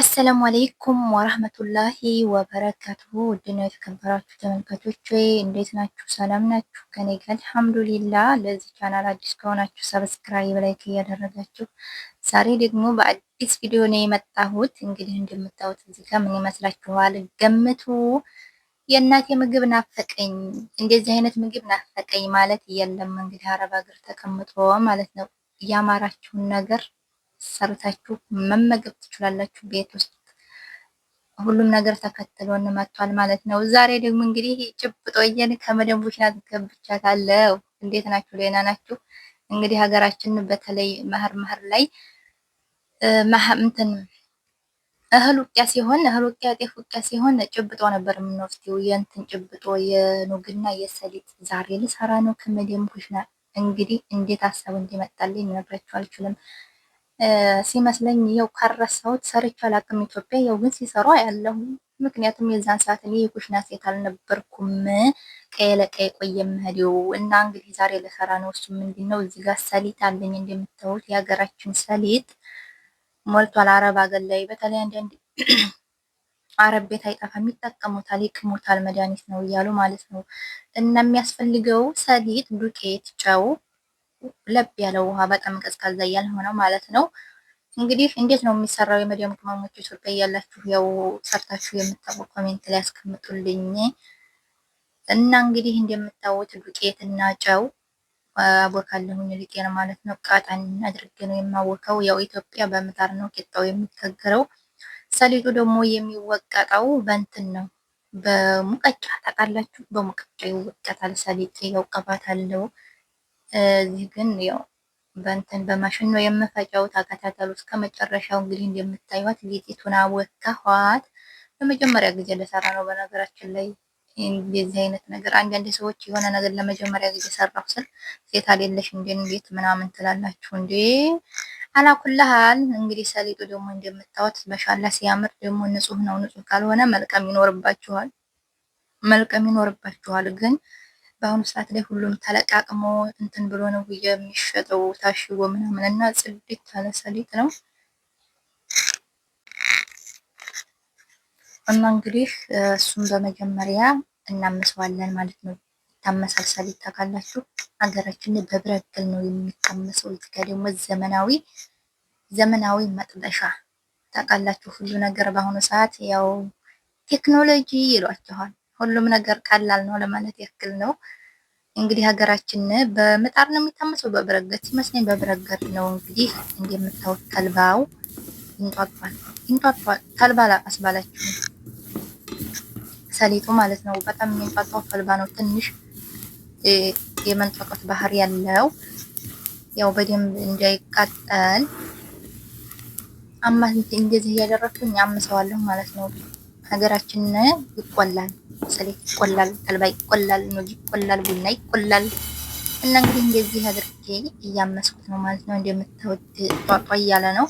አሰላሙ አሌይኩም ወረህመቱላሂ ወበረካቱ። ውድና የተከበራችሁ ተመልካቾች ወይ እንዴት ናችሁ? ሰላም ናችሁ? ከኔ ጋር አልሐምዱሊላ። ለዚህ ቻናል አዲስ ከሆናችሁ ሰብስክራይብ፣ ላይክ እያደረጋችሁ ዛሬ ደግሞ በአዲስ ቪዲዮ ነው የመጣሁት። እንግዲህ እንደምታዩት እዚህ ጋር ምን ይመስላችኋል? ገምቱ። የእናቴ ምግብ ናፈቀኝ፣ እንደዚህ አይነት ምግብ ናፈቀኝ ማለት የለም። እንግዲህ አረብ ሀገር ተቀምጦ ማለት ነው ያማራችሁን ነገር ሰርታችሁ መመገብ ትችላላችሁ። ቤት ውስጥ ሁሉም ነገር ተከትሎን መጥቷል ማለት ነው። ዛሬ ደግሞ እንግዲህ ጭብጦዬን ከመደብ ቡሽና ገብቻታለሁ። እንዴት ናችሁ? ደህና ናችሁ? እንግዲህ ሀገራችን በተለይ መኸር መኸር ላይ እንትን እህል ውቂያ ሲሆን እህል ውቂያ ጤፍ ውቂያ ሲሆን ጭብጦ ነበር የምንወስደው የእንትን ጭብጦ የኑግና የሰሊጥ ዛሬ ልሰራ ነው ከመደብ ቡሽና እንግዲህ እንዴት ሀሳቡ እንዲመጣልኝ ልነግራችሁ አልችልም። ሲመስለኝ ያው ካረሳሁት ሰርቼ አላውቅም ኢትዮጵያ። ያው ግን ሲሰሩ አያለሁ። ምክንያቱም የዛን ሰዓት እኔ የኩሽና ሴት አልነበርኩም። ቀየ ለቀየ ቆየ የምሄደው እና እንግዲህ ዛሬ ለሰራ ነው። እሱ ምንድን ነው እዚህ ጋር ሰሊጥ አለኝ እንደምታዩት፣ የሀገራችን ሰሊጥ ሞልቷል። አረብ አገር ላይ በተለይ አንዳንድ አረብ ቤት አይጠፋም፣ ይጠቀሙታል፣ ይቅሙታል። መድኃኒት ነው እያሉ ማለት ነው። እና የሚያስፈልገው ሰሊጥ፣ ዱቄት፣ ጨው ለብ ያለ ውሃ በጣም ቀዝቃዛ ያልሆነው ማለት ነው። እንግዲህ እንዴት ነው የሚሰራው? የመዲያም ቅመሞች ኢትዮጵያ ያላችሁ ያው ሰርታችሁ የምታውቁ ኮሜንት ላይ ያስቀምጡልኝ። እና እንግዲህ እንደምታዩት ዱቄት እና ጨው አቦካለሁኝ ልቄን ማለት ነው። ቃጣን አድርጌ ነው የማወከው። ያው ኢትዮጵያ በምጣር ነው ቂጣው የሚጋገረው። ሰሊጡ ደግሞ የሚወቀጠው በእንትን ነው በሙቀጫ ታውቃላችሁ። በሙቀጫ ይወቀጣል ሰሊጥ ያው ቅባት አለው። እዚህ ግን ያው በእንትን በማሽን ነው የምፈጨው። ተከታተሉ እስከ መጨረሻው። እንግዲህ እንደምታዩት ሊጢቱን አቦካኋት። ለመጀመሪያ ጊዜ ለሰራ ነው በነገራችን ላይ እንደዚህ አይነት ነገር። አንዳንድ ሰዎች የሆነ ነገር ለመጀመሪያ ጊዜ ሰራሁ ስል ሴት አሌለሽ እንደ እንዴት ምናምን ትላላችሁ እንዴ። አላኩልሃል እንግዲህ ሰሊጡ ደግሞ እንደምታዩት በሻላ ሲያምር ደግሞ ንጹህ ነው። ንጹህ ካልሆነ መልቀም ይኖርባችኋል፣ መልቀም ይኖርባችኋል ግን በአሁኑ ሰዓት ላይ ሁሉም ተለቃቅሞ እንትን ብሎ ነው የሚሸጠው ታሽጎ ምናምን እና ጽድት ያለ ሰሊጥ ነው እና እንግዲህ እሱም በመጀመሪያ እናመሰዋለን ማለት ነው። ይታመሳል ሰሊጥ ታውቃላችሁ፣ ሀገራችን ላይ በብረግል ነው የሚታመሰው። እዚህ ደግሞ ዘመናዊ ዘመናዊ መጥበሻ ታውቃላችሁ። ሁሉ ነገር በአሁኑ ሰዓት ያው ቴክኖሎጂ ይሏችኋል። ሁሉም ነገር ቀላል ነው ለማለት ያክል ነው። እንግዲህ ሀገራችን በምጣድ ነው የሚታመሰው፣ በብረገድ ሲመስለኝ በብረገድ ነው። እንግዲህ እንደምታወት ተልባው ይንጧጧል ይንጧጧል። ተልባ አስባላችሁ ባላችሁ ሰሊጡ ማለት ነው። በጣም የሚንጧጧው ተልባ ነው። ትንሽ የመንጧጧት ባህር ያለው ያው በደንብ እንዳይቃጠል አማ እንደዚህ እያደረግኩኝ አምሰዋለሁ ማለት ነው። ሀገራችን ይቆላል፣ ሰሌት ይቆላል፣ ተልባ ይቆላል፣ ኑግ ይቆላል፣ ቡና ይቆላል። እና እንግዲህ እንደዚህ አድርጌ እያመስኩት ነው ማለት ነው። እንደምታዩት ጧጧ እያለ ነው።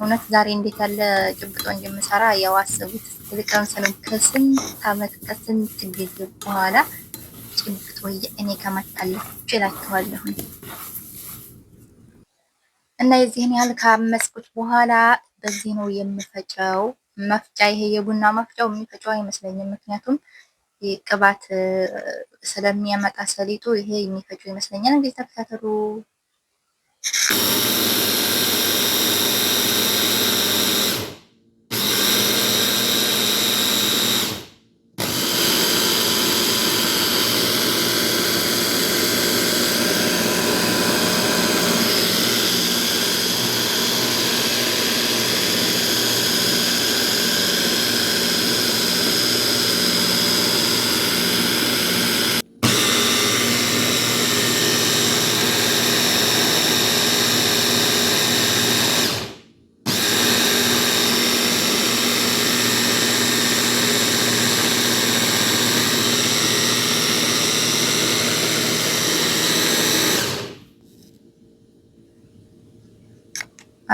እውነት ዛሬ እንዴት ያለ ጭብጦ እንደምሰራ ያው አስቡት። ልቀምሰንም ከስንት ዓመት ከስንት ጊዜ በኋላ ጭብጦ እኔ ከመጣለሁ እችላችኋለሁ። እና የዚህን ያህል ካመስኩት በኋላ በዚህ ነው የምፈጨው። መፍጫ ይሄ የቡና መፍጫው የሚፈጨው አይመስለኝም፣ ምክንያቱም ቅባት ስለሚያመጣ ሰሊጡ፣ ይሄ የሚፈጨው ይመስለኛል። እንግዲህ ተከታተሉ።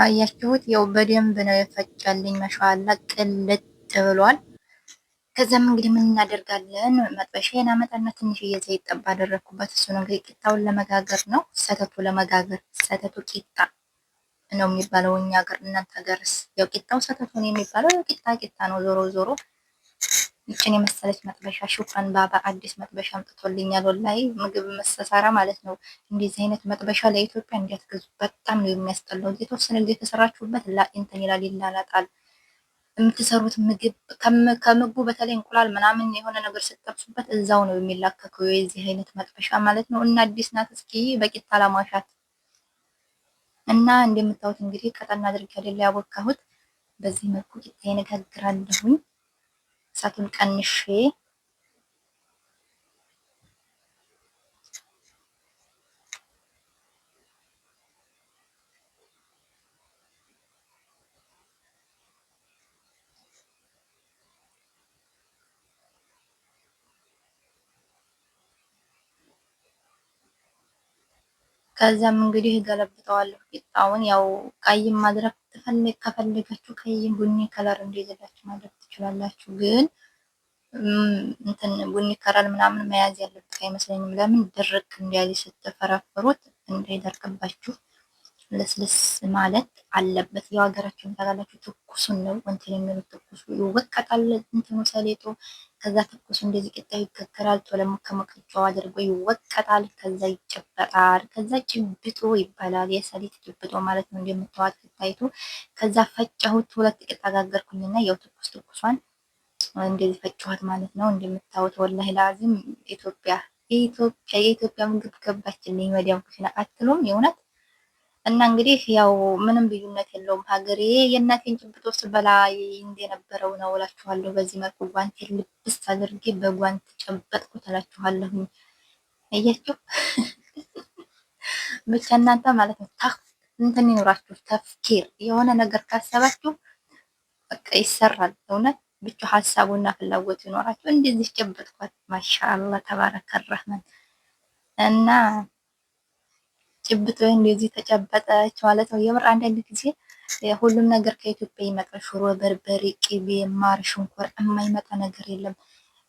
አያችሁት? ያው በደንብ ነው የፈጨልኝ። መሻላ ቅልጥ ብሏል። ከዛም እንግዲህ ምን እናደርጋለን? መጥበሻዬን አመጣና ትንሽዬ ዘይት ጠብ አደረኩበት። እሱን እንግዲህ ቂጣውን ለመጋገር ነው፣ ሰተቱ ለመጋገር ሰተቱ ቂጣ ነው የሚባለው እኛ ሀገር። እናንተ ሀገርስ? ያው ቂጣው ሰተቱ ነው የሚባለው። ቂጣ ቂጣ ነው ዞሮ ዞሮ ይችን የመሰለች መጥበሻ ሽፋን ባባ አዲስ መጥበሻ አምጥቶልኛል። ወላሂ ምግብ መሰሳራ ማለት ነው። እንደዚህ አይነት መጥበሻ ለኢትዮጵያ እንዲያትገዙ በጣም ነው የሚያስጠላው። የተወሰነ ጊዜ የተሰራችሁበት እንትን ይላል ይላላጣል። የምትሰሩት ምግብ ከምግቡ በተለይ እንቁላል ምናምን የሆነ ነገር ስትጠብሱበት እዛው ነው የሚላከከው የዚህ አይነት መጥበሻ ማለት ነው። እና አዲስ ናት። እስኪ በቂታ ላማሻት እና እንደምታዩት እንግዲህ ቀጠና አድርጌ አይደል ያቦካሁት። በዚህ መልኩ ቂጣዬን እጋግራለሁኝ። እሳቱን ቀንሼ ከዛም እንግዲህ ገለብጠዋለሁ ቂጣውን። ያው ቀይም ማድረግ ከፈለጋችሁ ቀይ ቡኒ ከለር እንደይዘላችሁ ማለት ትችላላችሁ። ግን እንትን ቡኒ ከረር ምናምን መያዝ ያለበት አይመስለኝም። ለምን ድርቅ እንዲያዝ ስትፈረፍሩት እንዳይደርቅባችሁ ለስልስ ማለት አለበት። የሀገራችን ታውቃላችሁ። ትኩሱን ነው እንትን የሚሉት ትኩሱ ይወቀጣል እንትኑ ሰሌጡ ከዛ ትኩስ እንደዚህ ቂጣው ይከከራል። ቶለሞ ከመቅጫው አድርጎ ይወቀጣል። ከዛ ይጨበጣል። ከዛ ጭብጦ ይባላል። የሰሊጥ ጭብጦ ማለት ነው። እንደምታዋት ቂጣይቱ ከዛ ፈጫሁት። ሁለት ቂጣ ጋገርኩኝና ያው ትኩስ ትኩሷን እንደዚህ ፈጫሁት ማለት ነው። እንደምታወት ወላሂ ላዚም ኢትዮጵያ የኢትዮጵያ የኢትዮጵያ ምግብ ገባችልኝ። ወዲያም ኩሽና አትሉም የእውነት እና እንግዲህ ያው ምንም ልዩነት የለውም። ሀገሬ የእናቴን ጭብጦ ስበላ እንደነበረው ነው እላችኋለሁ። በዚህ መልኩ ጓንት ልብስ አድርጌ በጓንት ጨበጥኩ ትላችኋለሁ። እያችሁ ብቻ እናንተ ማለት ነው ታፍ እንትን ይኖራችሁ ተፍኪር የሆነ ነገር ካሰባችሁ በቃ ይሰራል። እውነት ብቻ ሀሳቡና ፍላጎት ይኖራችሁ እንደዚህ ጨበጥኳት። ማሻአላ ተባረከ ረህመን እና ጭብጥ ወይ እንደዚህ ተጨበጠች ማለት ነው። የምር አንዳንድ ጊዜ ሁሉም ነገር ከኢትዮጵያ ይመጣል። ሽሮ፣ በርበሬ፣ ቅቤ፣ ማር፣ ሽንኩር የማይመጣ ነገር የለም።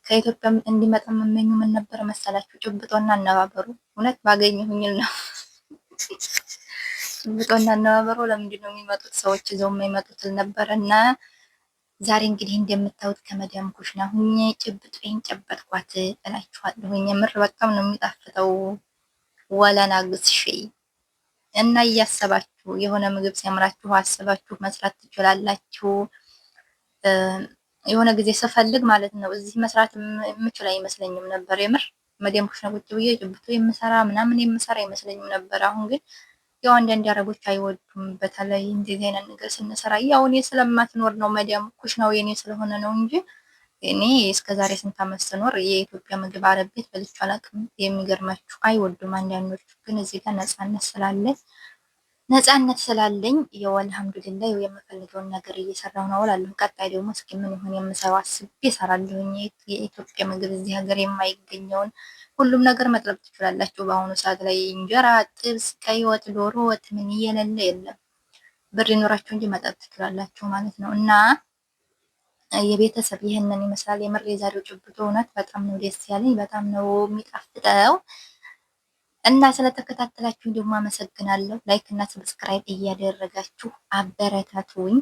ከኢትዮጵያ እንዲመጣ መመኙ ምን ነበር መሰላችሁ? ጭብጦና አነባበሩ እውነት ሁኝል ነው። ጭብጦና አነባበሩ ለምንድን ነው የሚመጡት ሰዎች ይዘው የማይመጡት ነበር እና ዛሬ እንግዲህ እንደምታዩት ከመዳም ኩሽና ሁኜ ጭብጦ ወይን ጨበጥኳት እላችኋለሁ። ምር በጣም ነው የሚጣፍጠው። ወለናግስ ሸይ እና እያሰባችሁ የሆነ ምግብ ሲያምራችሁ አስባችሁ መስራት ትችላላችሁ። የሆነ ጊዜ ስፈልግ ማለት ነው እዚህ መስራት የምችል አይመስለኝም ነበር። የምር መዲያም ኩሽና ቁጭ ብዬ ጭብቶ የምሰራ ምናምን የምሰራ አይመስለኝም ነበር። አሁን ግን ያው አንዳንድ አረቦች አይወዱም፣ በተለይ እንደዚህ አይነት ነገር ስንሰራ ያው እኔ ስለማትኖር ነው መደም ኩሽናው የኔ ስለሆነ ነው እንጂ እኔ እስከዛሬ ስንት አመት ስኖር የኢትዮጵያ ምግብ አረብ ቤት በልቼ አላውቅም። የሚገርማችሁ አይወዱም አንዳንዶቹ። ግን እዚህ ጋር ነጻነት ስላለ ነጻነት ስላለኝ ያው አልሐምዱሊላ ያው የምፈልገውን ነገር እየሰራሁ ነው እላለሁ። ቀጣይ ደግሞ እስኪ ምን ይሆን የምሰራው አስቤ እሰራለሁ። የኢትዮጵያ ምግብ እዚህ ሀገር የማይገኘውን ሁሉም ነገር መጥለብ ትችላላችሁ። በአሁኑ ሰዓት ላይ እንጀራ፣ ጥብስ፣ ቀይ ወጥ፣ ዶሮ ወጥ ምን እየሌለ የለም። ብር ይኖራችሁ እንጂ መጠጥ ትችላላችሁ ማለት ነው እና የቤተሰብ ይህንን ይመስላል። የምር የዛሬው ጭብጦ እውነት በጣም ነው ደስ ያለኝ፣ በጣም ነው የሚጣፍጠው እና ስለተከታተላችሁ ደግሞ አመሰግናለሁ። ላይክ እና ሰብስክራይብ እያደረጋችሁ አበረታቱኝ።